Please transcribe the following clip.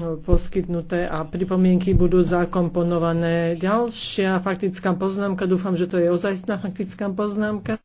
E, poskytnuté a pripomienky budú zakomponované. Ďalšia faktická poznámka, dúfam, že to je ozajstná faktická poznámka.